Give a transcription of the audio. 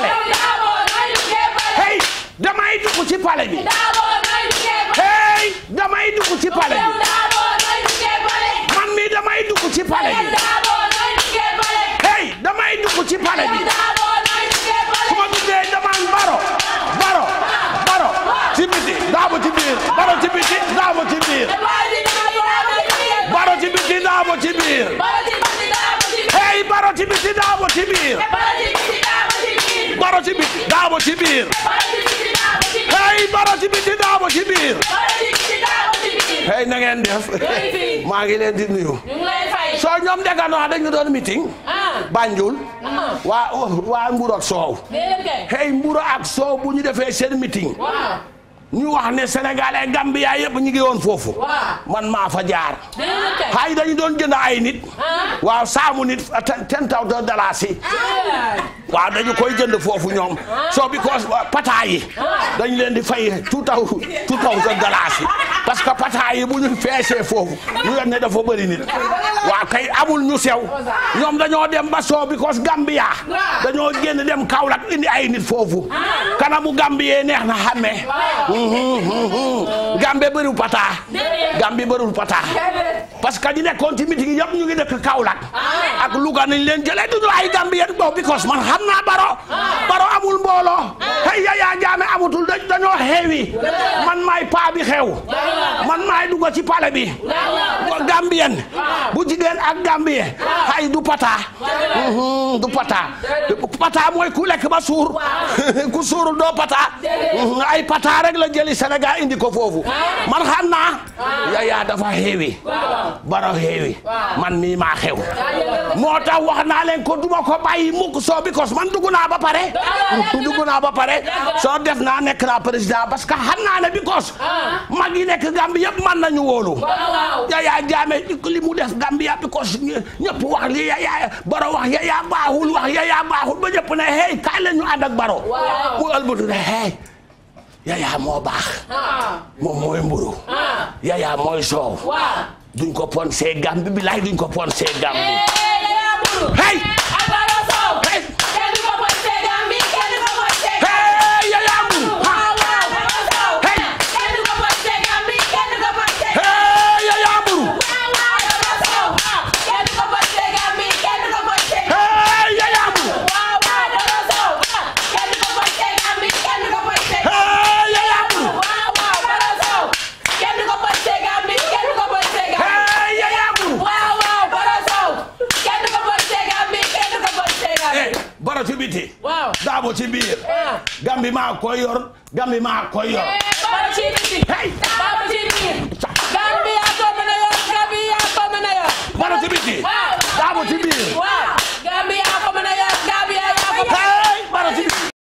palais hey damay dugg ci palais bi hey damay dugg ci palais bi man mi damay dugg ci palais bi hey damay dugg ci palais bi su ma duggee damaa baro baro baro ci biti daabo ci biir baro ci biti daabo ci biir baro ci biti daabo ci biir hey baro ci biti daabo ci biir baro ci biti biir hey baro ci biti daabo ci biir hey na def maa ngi leen di nuyu soo ñoom deganoo dañu doon meeting Banjul waa mburu ak soow hey mburu ak soow bu ñu defee seen meeting ñu wax ne Sénégal ay Gambia yëpp ngi woon foofu man maa fa jaar xay dañu doon jënd ay nit ah. waaw saamu nit ten thousand dollars yi ah. waaw dañu koy jënd foofu ñoom so because pata yi dañ leen di fay two thousand two thousand dollars yi parce que pata yi bu ñu feesee foofu ñu leen ne dafa bëri nit waaw amul ñu sew ñoom dañoo dem ba so because Gambia dañoo génn dem Kaolack indi ay nit foofu kanamu Gambie neex na xàmmee Gambie bëriwul pata Gambie bëriwul pata parce que ñu nekkoon ci meeting ñu ngi dëkk Kaolack ak Louga nañ leen jëlee duñu ay Gambien boobu because man xam naa baro baro amul mbooloo hey Yaya Jammeh amatul dañoo xeewi man maay débat bi xew man maay dugg ci pale bi gambien bu jigéen ak gambien ay du pata mhm, du pata mooy ku lekk ba suur ku suurul doo pata mhm, ay pata rek la jëli Sénégal indi ko foofu man xam naa yaa dafa xewi bara xewi man mii maa xew moo tax wax naa leen ko duma ko bàyyi mukk soo because man dugg naa ba pare dugg naa soo def naa nekk naa président parce que xam ne because mag yi nekk Gambie yëpp mën nañu wóolu. Yaya Jammeh li mu def Gambie yàpp ko ñëpp wax li Yaya Baro wax Yaya baaxul ba ñëpp ne hey kaay ñu ànd ak Baro. mu ëlbatu ne hey. Yaya moo baax. moom mooy mburu. Yaya mooy soow. duñ ko ponsee Gambie bi duñ ko ponsee Gambie. hey. fara daabo ci biir. gambi ah. maa koy gambi maa koy yor. fara eh, ci daabo ci biir. gambi yaa ko mën a yor gambi yaa ko mën a